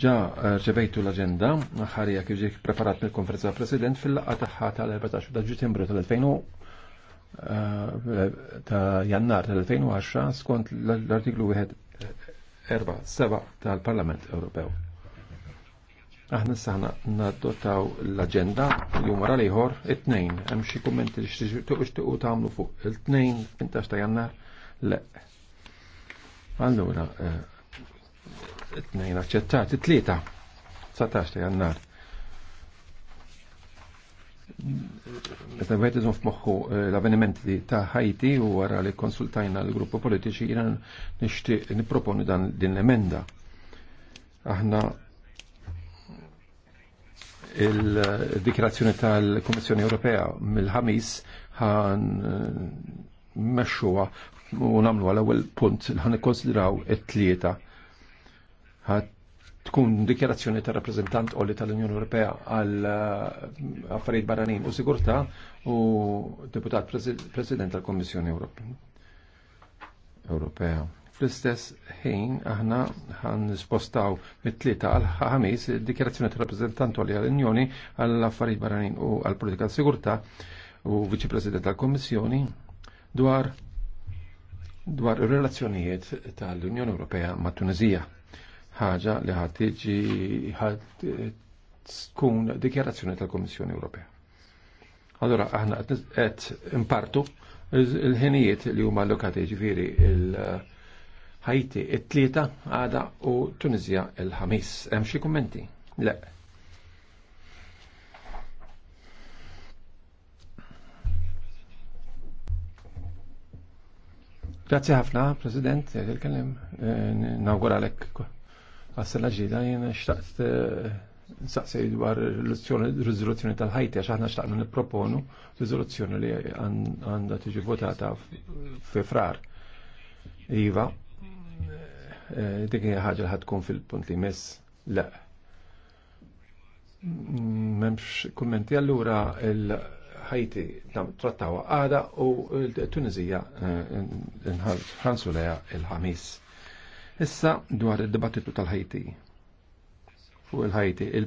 Ġa ġebejtu eh, l-agenda ħarija kif ġiek preparat mill-konferenza president fil-laqqa taħħa tal-14 ta' Ġittembru tal-2000 eh, ta' jannar tal-2010 skont l-artiklu 1.4.7 eh, tal-Parlament Ewropew. Aħna s-saħna nadottaw l-agenda jumara wara liħor it-tnejn. Hemm xi kummenti li xtiqu tagħmlu fuq il-tnejn 15 ta' jannar? Le. Allora, Tnejn aċċettati, tlieta. 19 ta' jannar. Meta għed iżon f'moħħu eh, l-avvenimenti ta' Haiti u wara li konsultajna l-gruppi politiċi jina nixtieq nipproponi dan din l-emenda. Aħna il-dikrazzjoni tal-Komissjoni Ewropea mill-ħamis ħan eh, meċxuwa u namlu għal ewwel punt ħan ikkonsidraw it-tlieta tkun dikjerazzjoni ta' rappresentant għolli tal-Unjoni Ewropea għal eh, affarijiet barranin u sigurtà u deputat president tal-Kommissjoni Ewropea. Fl-istess ħin aħna ħan spostaw mit-tlieta għal ħamis dikjerazzjoni ta' rappresentant olli għall-Unjoni għal affarijiet barranin u għal politika sigurtà u viċi president tal-Kommissjoni dwar dwar ir-relazzjonijiet tal-Unjoni Ewropea ma' Tunizija ħaġa li ħad tiġi tkun dikjarazzjoni tal komissjoni Ewropea. Allora aħna qed impartu il-ħinijiet li huma allokati ġifieri il-Ħajti it-tlieta għada u Tunizja il-ħamis. Hemm xi kummenti? Le. Grazie ħafna, President, il-kellim, eh, għalek għas-sena ġdida jien xtaqt eh, nsaqsi dwar rizoluzzjoni tal-ħajti għax aħna xtaqna nipproponu rizoluzzjoni li għandha tiġi votata fi frar. Iva, eh, eh, dik hija ħaġa li ħadkun fil-punt li miss. Le. M'hemmx kummenti allura ħajti trattawa għada u l-Tunizija nħal leja l ħamis Issa dwar id-dibattitu tal-Ħajti. Fuq il-Ħajti,